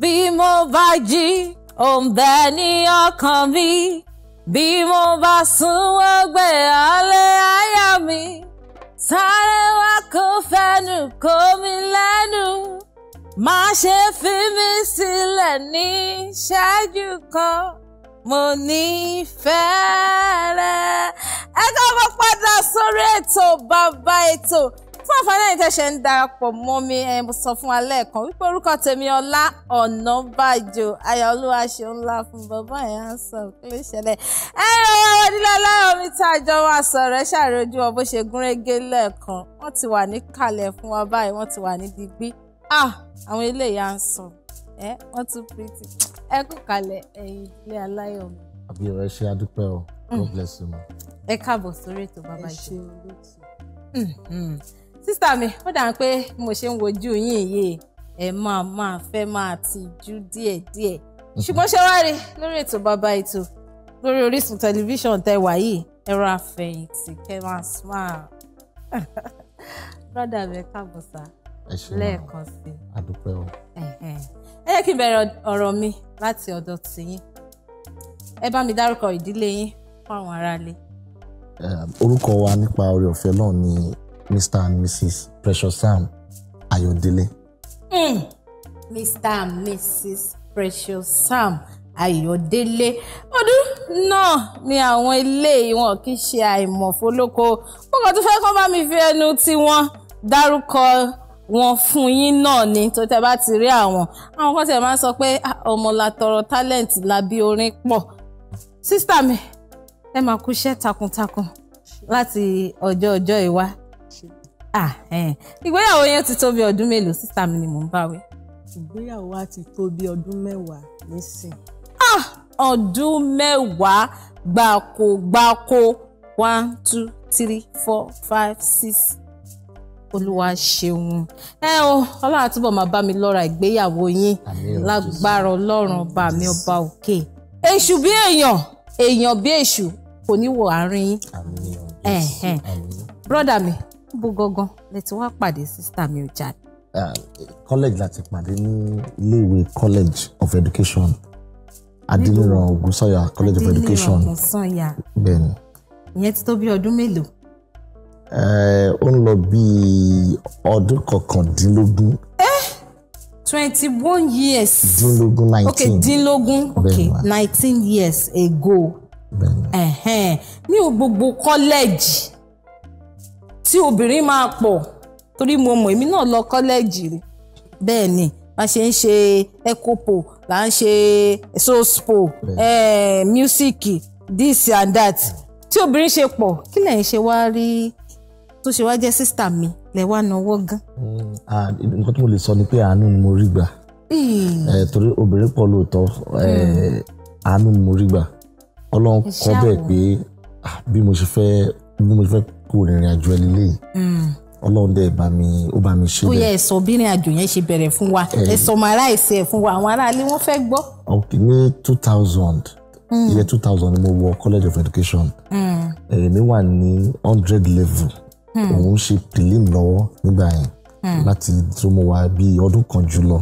bí mo bá jí òǹbẹ ní ọkàn mi bí mo bá sùn wọ́n gbé ọlẹ́ mi sáré wá kó fẹ́nu kó mi lẹ́nu má ṣe fi mí sílẹ̀ ní ṣẹ́jú kan mo nífẹ̀ẹ́ rẹ. ẹ káàbọ̀ padà sórí ètò bàbá ètò fún àǹfààní ẹ̀yin tẹ̀sẹ̀ ń darapọ̀ mọ́ mi ẹ̀ sọ fún wa lẹ́ẹ̀kan wípé orúkọ tèmi Ọlá Ọ̀nàbàjò aya olúwa ṣe ńlá fún bàbá ẹ̀ á sọ kí ló ṣẹlẹ̀ ẹ ẹ ọwọ́ ọdílé ọlọ́run mi tá a jọ wá sọ̀rọ̀ ẹ ṣàròjú ọ bó ṣe gúnrégé lẹ́ẹ̀kan wọ́n ti wà ní kalẹ̀ fún wa báyìí wọ́n ti wà ní digbí ah àwọn eléyìí ń sùn ẹ wọ́n tún pretty ẹ kú kalẹ̀ ẹ̀yin sísá mi ó dà pé bí mo ṣe ń wojú yín yìí ẹ máa máa fẹ́ máa tijú díẹ̀díẹ̀ ṣùgbọ́n ṣé wàá rí lórí ètò bàbá ètò lórí Orísun tẹlifíṣàn tẹwà yìí ẹ̀rọ àfẹ̀yìntì kẹ́ smile brọ́dà mi káàbọ̀ sá lẹ́ẹ̀kan sí i. àdúpẹ́ o. ẹ jẹ́ kí n bẹ̀rẹ̀ ọ̀rọ̀ mi láti ọ̀dọ̀ tìyín ẹ bá mi dárúkọ ìdílé yín fún àwọn aráalé. orúkọ wa nípa oore ọ̀fẹ́ náà ni Mr. and Mrs. Precious Sam Ayọ̀délé. Mm. Mr. and Mrs. Precious Sam Ayọ̀délé ọdún náà ni àwọn eléyìí wọn kì í ṣe àìmọ̀fó lóko mo kàn tún fẹ́ kó bá mi fi ẹnu tiwọn dárúkọ wọn fún yín náà ni tó tẹ bá ti rí àwọn àwọn kan tẹ máa ń sọ pé ọmọ la talent la bí orin pọ̀ sísítà mi ẹ máa kú iṣẹ́ takuntakun láti ọjọ́ ọjọ́ ìwá Ah, eh. ìgbéyàwó yẹn ti tó bí ọdún mélòó sísá mi ni mò ń bá wí. ìgbéyàwó wa ti tó bí ọdún mẹ́wàá nísìn. Ah, ọdún mẹ́wàá gbáko gbáko one two three four five six olúwa ṣeun ẹ o ọlọ́run àtúbọ̀ máa bá mi lọ́ra ìgbéyàwó yín lágbára ọlọ́run ọba mi ọba òkè èṣù bí èèyàn èèyàn bí èṣù kò ní wọ àárín yín brọ́dà mi ibo gangan lẹ ti wá pàdé sísítà mi ò jáde. college láti pàdé ní iléèwé college of education adiniran ogunsanya college of education adiniran ogunsanya bẹ́ẹ̀ni. ìyẹn ti tó bí ọdún mélòó. ó ń lọ bí ọdún kọkàndínlógún. twenty one years. dínlógún nineteen okay dínlógún okay nineteen years ago. bẹ́ẹ̀ni. ní gbogbo college tí obìnrin máa pọ̀ torí mo mọ̀ èmi náà lọ kọ́lẹ́ẹ̀jì bẹ́ẹ̀ ni bá ṣe ń ṣe ecopo là ń ṣe sospo mísíkì this and that tí obìnrin ṣe pọ̀ kí lẹ́yìn ṣe wá rí tó ṣe wá jẹ́ sísítà mi lẹ̀ wá náwó gan. Hmm, nǹkan tí mo lè sọ ni pé àánú ni mo rí gbà torí obìnrin pọ̀ lóòótọ́ hmm. àánú ni mo rí gbà ọlọ́run kọ́ bẹ́ẹ̀ pé bí mo ṣe fẹ́ bí mo ṣe fẹ́ kú rìnrìn àjò ẹni léyìí hmm. ọlọ́run dẹ̀ bá mi ó bá mi ṣe bẹ́ẹ̀. bóyá ẹ̀sọ́ bírìn àjò yẹn ṣe bẹ̀rẹ̀ fún wa ẹ̀sọ́ mara ra ẹ̀sẹ̀ fún wa àwọn aráalé wọ́n fẹ́ gbọ́. ok ní two thousand hmm. year two thousand ni mo wọ college of education èmi hmm. wà ní hundred level òun ṣe prelim lọ́wọ́ nígbà yẹn láti tó mo wà bíi ọdún kan jù lọ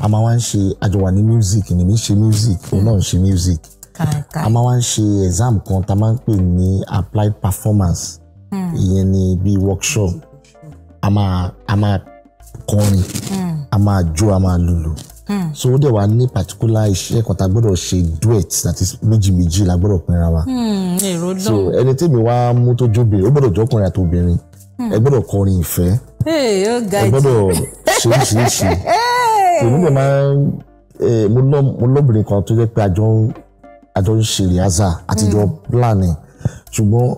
a máa wá ń ṣe àjọ wà ní music ni mi ṣe music òun náà ṣe music a máa wá ń ṣe exam kan tá a máa ń pè ní applied performance. Hmm. ìyẹn ni bíi workshop a máa a máa kọrin hmm. a máa jó a máa lùlù hmm. so ó dẹ̀ wá ní particular iṣẹ́ kan tá a gbọ́dọ̀ ṣe duet that is méjì méjì la gbọ́dọ̀ pinra wa so ẹni tèmi wá mú tó jóbìnrin ó gbọ́dọ̀ jọkùnrin àti obìnrin ẹ gbọ́dọ̀ kọrin ìfẹ́ oh, ẹ gbọ́dọ̀ ṣeéṣeéṣe èmi dẹ̀ máa mo lọ́bìnrin kan tó jẹ́ pé àjọ ń ṣe rìhásà àtijọ́ plan ṣùgbọ́n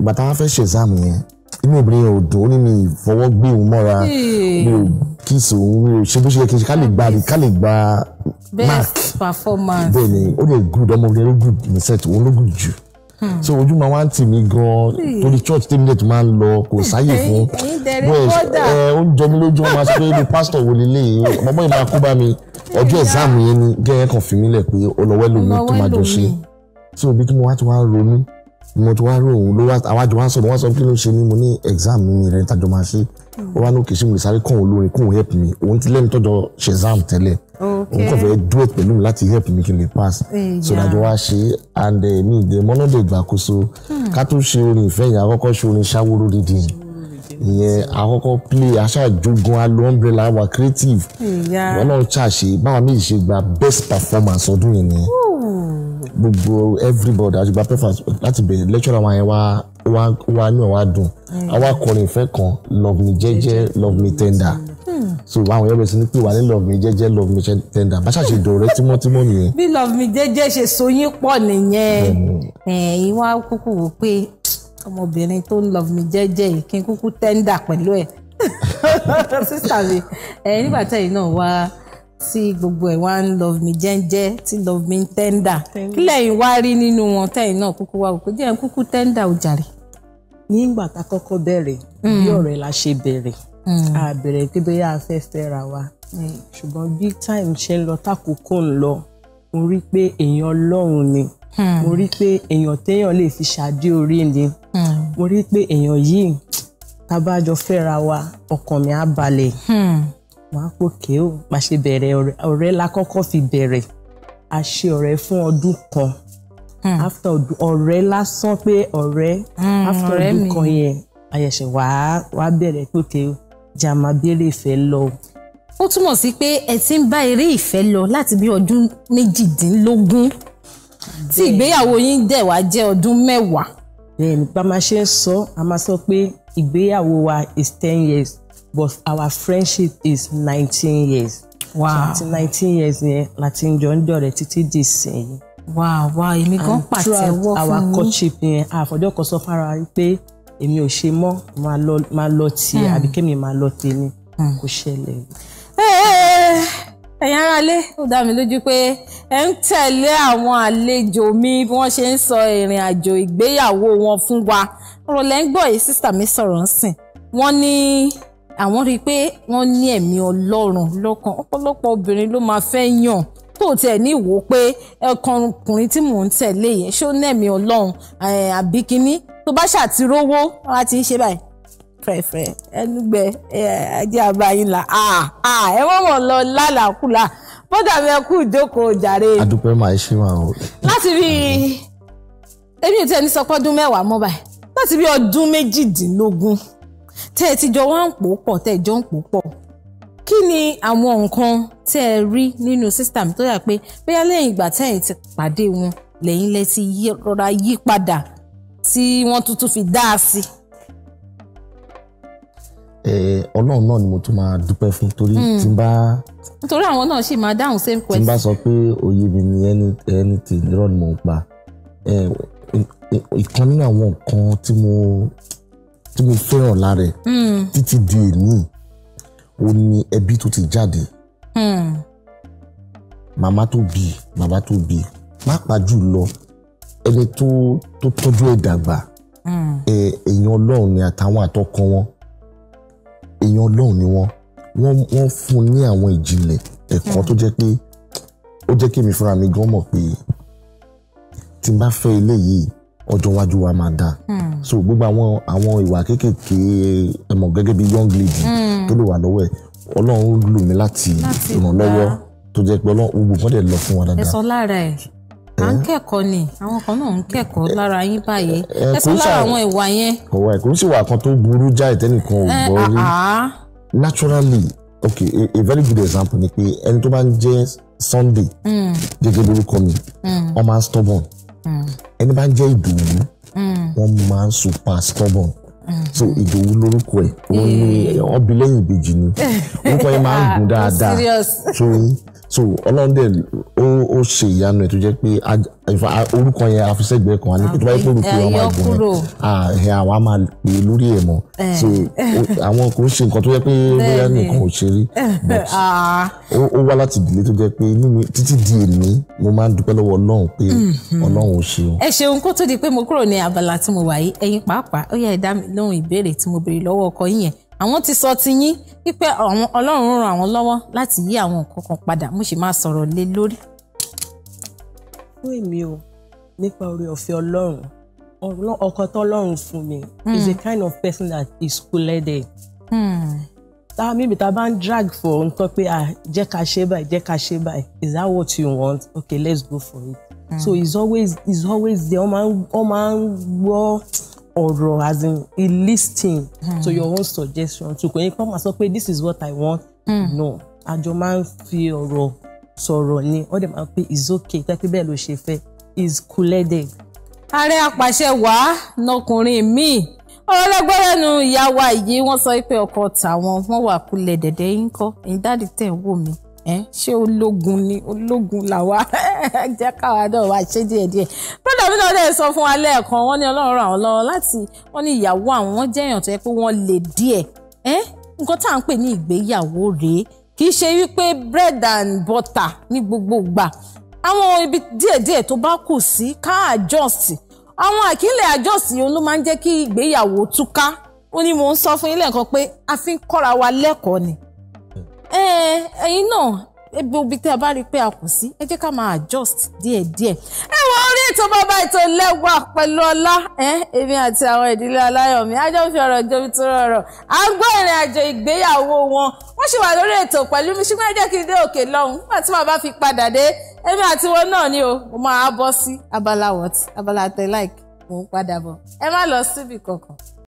ìgbà táwọn fẹ́ ṣe exam yẹn inú obìnrin yẹn ò dùn ó ní mi ìfọwọ́ gbé òun mọ́ra mi ò kíìsì òun mi ò ṣe bó ṣe yẹ kí n ṣe ká lè gba ká lè gba mark bẹ́ẹ̀ ni ó lè good ọmọbìnrin ló good ní set òun ló good jù hmm. so ojú ma wá ń tì mí gan torí church tèmi dẹ̀ tó máa ń lọ kò sáyè fún bẹ́ẹ̀ ó ń jọ mí lójú wọn máa sọ pé ní pásítọ̀ wo lélẹ̀ yìí ọmọ yìí máa kú bá mi ọjọ́ exam yẹn ni gẹ́gẹ́ kan fi mí lẹ̀ pé ọlọ́wẹ́ lòun tó máa jọ ṣe so ibi tí mo wá ti wá ronú mo ti wá rò ó ló wá àwájú wá sọ̀rọ̀ wọ́n sọ kí ló ṣe mí mo ní exam mi rẹ̀ tàjọ máa ṣe ó wá lókè sí mi sáré kàn ó lórin kóun help me òun ti lẹ́nu tọ́jọ ṣe exam tẹ́lẹ̀ òun kàn fẹ́ dúró pẹ̀lú mi láti help me kí n lè pass eh, so dájọ́ wá ṣe and eh, mi ìdè mọ́nọ́dé ìgbàkóso hmm. ká tó ṣe orin ìfẹ́ yẹn àkọ́kọ́ ṣe orin ṣáwóró dídì ìyẹn àkọ́kọ́ play aṣáájúgun alo umbrella wa creative eh, wọn náà ṣàṣe báwa méjì ṣe gba best performance ọdún yẹn nìyẹn gbogbo everybody àṣùgbà preference láti bẹ̀rẹ̀ lecturer wa yẹn wá wá wá ní ọ̀wá dùn àwa kọrin ìfẹ́ kan love me jẹ́jẹ́ love me tender so àwọn èèyàn bẹ̀rẹ̀ sí ní pé wà ní love me jẹ́jẹ́ love me tender bá ṣàṣe dọ̀rẹ́ tímọ́tímọ́ nìyẹn. bí love me jẹ́jẹ́ ṣe so yín pọ̀ nìyẹn ẹ̀yin wá kúkú wò pé ọmọbìnrin tó ń love me jẹ́jẹ́ yìí kí n kúkú tender pẹ̀lú ẹ̀ sísà mi nígbà tẹ́yìn náà wá tí gbogbo ẹ̀ wá ń love me jẹ́ńjẹ́ tí love me tender. tẹ́ńdà kí lẹ́yìn wá rí nínú wọn tẹ́yìn náà kúkú wá òkú jẹ́ kúkú tẹ́ńdà ó jàre. nígbà tá a kọ́kọ́ bẹ̀rẹ̀ hmm. bí ọ̀rẹ́ la ṣe bẹ̀rẹ̀ hmm. a bẹ̀rẹ̀ pé bóyá a fẹ́ fẹ́ra wa hmm. ṣùgbọ́n bí time ṣe ń lọ tákòókò ń lọ mo rí pé èèyàn ọlọ́run ni mo rí pé èèyàn téèyàn lè fi ṣàdé orí ni mo rí pé èèyàn yìí tá a bá jọ fẹ́ra wa ọkàn mi á balẹ̀. Hmm wàá pòkè ó má ṣe bẹ̀rẹ̀ ọ̀rẹ́ la kọ́kọ́ fi bẹ̀rẹ̀ a ṣe ọ̀rẹ́ fún ọdún kan hmm. hmm, after ọ̀rẹ́ lásán pé ọ̀rẹ́ after ọdún kan yẹn àyẹ̀ṣẹ̀ wàá wàá bẹ̀rẹ̀ pòkè ó jà máa béèrè ìfẹ́ lọ. ó túmọ̀ sí pé ẹ ti ń bá eré ìfẹ́ lọ láti bí ọdún méjìdínlógún tí ìgbéyàwó yín dẹ̀ wá jẹ́ ọdún mẹ́wàá. bẹ́ẹ̀ni bá máa ṣe ń sọ a máa sọ pé ìgbéyàwó wa is ten years but our friendship is nineteen years. wow so nineteen years yẹn láti ń jọ ń dọ̀rẹ́ títí di ìsinyìí. wow wow èmi gan pàtẹ́wọ́ fún mi. and throughout our courtship yẹn àfọ̀jọ́ kan sọ fára wa pé èmi ò ṣe mọ́ máa lọ tiẹ̀ hmm. àbí kémi máa lọ tèmi hmm. kò ṣẹlẹ̀. Eh, eh, eh, ẹ̀yin aráalé ó dá mi lójú pé ẹ ń tẹ̀lé àwọn àlejò mi bí wọ́n ṣe ń sọ ìrìn àjò ìgbéyàwó wọn fún wa ọ̀rọ̀ ń gbọ́ yìí sísà mi sọ̀rọ̀ ń sìn wọ́n ní àwọn rí i pé wọ́n ní ẹ̀mí ọlọ́run lọ́kàn ọ̀pọ̀lọpọ̀ obìnrin ló máa fẹ́ yàn tó tiẹ̀ ní ìwò pé ẹ̀kan ọkùnrin tí mò ń tẹ̀lé yẹn ṣó nẹ̀mí ọlọ́run àbí kínní tó bá ṣàtìrówó wọ́n á ti ń ṣe báyìí fẹ̀fẹ̀ ẹnugbẹ ajé àbáyín la ẹ wọ́n mọ̀ lọ lálàkúlà bọ́dà mi ẹ kú ìjókòó jàre. adúpẹ́ máa ṣe wà o. láti bí èmi ò ẹni sọ pé ọdún mẹ́wàá mọ́ báyìí láti bí ọdún méjìdínlógún tẹ́ ẹ ti jọ wá ń pò pọ̀ tẹ́ ẹ jọ ń pò pọ̀ kí ni àwọn nǹkan tẹ́ ẹ rí nínú sísítà mi tó yà pé bóyá lẹ́yìn ìgbà tẹ́ ẹ ti pàdé wọn lẹ́yìn lẹ́ ti rọra yí padà tí wọ́n tuntun fi dá a sí. ọlọ́run náà ni mo tún máa dúpẹ́ fún torí hmm. tí n bá. nítorí àwọn náà sì máa dáhùn same question. tí n bá sọ pé òye mi ni ẹni ẹni tí irọ́ ni mò ń pa ìkan nínú àwọn nǹkan tí mo tí mo fẹ́ràn lára ẹ̀ hmm. títí di èmi ò ní ẹbí tó ti jáde hmm. màmá tó bí bàbá tó bí pàápàá jùlọ ẹni tó tó tọ́jú ẹ̀ dàgbà hmm. èèyàn ọlọ́run ni àtàwọn àtọkọ wọn èèyàn ọlọ́run ni wọ́n wọ́n fún ní àwọn ìjìnlẹ̀ ẹ̀kọ́ tó jẹ́ pé ó jẹ́ kí èmi fúnra mi gan mọ̀ pé tí n bá fẹ́ ilé yìí ọjọ́ iwájú wa máa dáa hmm. so gbogbo àwọn àwọn ìwà kéékèèké ẹ mọ̀ gẹ́gẹ́ bí young lady hmm. tó lè wà lọ́wọ́ ẹ̀ ọlọ́run lù mí láti ìrànlọ́wọ́ tó jẹ́ pé ọlọ́run gbogbo kan dẹ̀ lọ fún wa dáadáa. ẹ sọ lára ẹ à ń kẹ́kọ̀ọ́ ni àwọn kan náà ń kẹ́kọ̀ọ́ lára yín báyìí ẹ sọ lára àwọn ìwà yẹn. ọ̀wọ́ ẹ̀ kò ń sì wà kan tó burú jáì tẹ́nìkan ò naturally okay a, a very good example ni pé ẹni tó bá ń jẹ́ Sunday hmm. gẹ́gẹ́ lórúkọ mi ọmọ stubborn. Mm ẹni bá ń jẹ́ ìdòwú wọ́n máa ń super stubborn so ìdòwú lórúkọ ẹ̀ wọ́n ní mm. ọbí lẹ́yìn ìbejì ni orúkọ yẹn máa ń gùn ah, dáadáa so so ọlọ́run dẹ̀ ó ó ṣe ìyanu ẹ̀ tó jẹ́ pé orúkọ yẹn àfisẹ́gbẹ́ kan àní tó bá yẹ kó orúkọ yẹn máa gùn ẹ̀ àwa máa pè é lórí ẹ̀ mọ́ so àwọn kò ṣe nǹkan tó yẹ pé bóyá nìkan ò ṣe rí but ó wá láti ìdílé tó jẹ́ pé títí di èmi mo máa ń dúpẹ́ lọ́wọ́ ọlọ́run pé mm-hmm. ọlọ́run ò o ẹ ṣeun kó tó di pé mo kúrò ní abala tí mo wà yìí ẹ̀yin pàápàá ó yá ẹ dá mi lóhùn ìbéèrè tí mo béèrè lọ́wọ́ ọkọ yín yẹn àwọn ti sọ ti yín wípé àwọn ọlọ́run ràn àwọn lọ́wọ́ láti yí àwọn nǹkan kan padà mo sì máa sọ̀rọ̀ lé lórí. fún èmi o nípa oore ọ̀fẹ́ ọlọ́run ọkọ tọ́lọ́run fún mi hmm. is a kind of person that is cool-headed. Hmm. tá a mímì tá a bá ń drag for nǹkan pé ah jẹ́ ká ṣe báyìí jẹ́ ká ṣe báyìí is that what you want okay let's go for it. Mm. so he's always he's always there ọmọ ọmọ gbọ́ ọ̀rọ̀ as in he listening mm. to hmm. your own suggestion to kò yẹ kó máa sọ pé this is what I want mm. no àjọ máa ń fi ọ̀rọ̀ sọ̀rọ̀ ni ó dẹ̀ máa ń is okay tẹ́kí bẹ́ẹ̀ ló ṣe fẹ́ is cooled. ààrẹ apàṣẹ wàá nọkùnrin míì ọlọ́gbọ́lẹ́nu ìyá wa yìí wọ́n sọ pé ọkọ tàwọn wọ́n wà kulẹ̀ dẹ̀dẹ̀ yín kọ́ ẹ̀yin dáàdì tẹ̀ ń wò mí ṣé ológun ni ológun làwa jẹ́ káwa náà wá ṣe díẹ̀díẹ̀ brọ́dà mi náà dẹ̀ sọ fún wa lẹ́ẹ̀kan wọ́n ní ọlọ́run ràn wọ́n lọ́wọ́ láti wọ́n ní ìyàwó àwọn wọ́n jẹ́ èèyàn tó yẹ pé wọ́n lè díẹ̀ nǹkan tá à ń pè ní ìgbéyàwó rèé kì í ṣe wípé bread and butter ní gbogbo ìgbà àwọn ibi díẹ̀díẹ̀ tó bá kù sí ká adjust àwọn àkínlẹ̀ adjust yìí ló máa ń jẹ́ kí ìgbéyàwó túká ó ní mò ń sọ fún yín lẹ́ẹ̀kan pé a fi ń kọ́ra wa lẹ́kọ̀ọ́ ni ẹ̀yin náà ebi tí a bá rí i pé a kù sí ẹ jẹ́ ká máa adjust díẹ̀díẹ̀. ẹ wọ orí ètò bàbá ètò lẹ́wà pẹ̀lú ọlá èmi àti àwọn ìdílé aláyọ̀mí a jọ ń fi ọ̀rọ̀ jomi tó rọrọ̀ à ń gbọ́ ìrìn àjò ìgbéyàwó wọn wọ́n sì wà lórí ètò pẹ̀lú mi ṣùgbọ́n ẹ jẹ́ kí n dé òkè lọ́hùn nígbà tí màá bá fi padà dé èmi àti wọn náà ni o mo máa bọ́ sí abala wọ̀t abala tẹ̀ láìkì mò ń padà bọ̀ ẹ má lọ síbì kankan.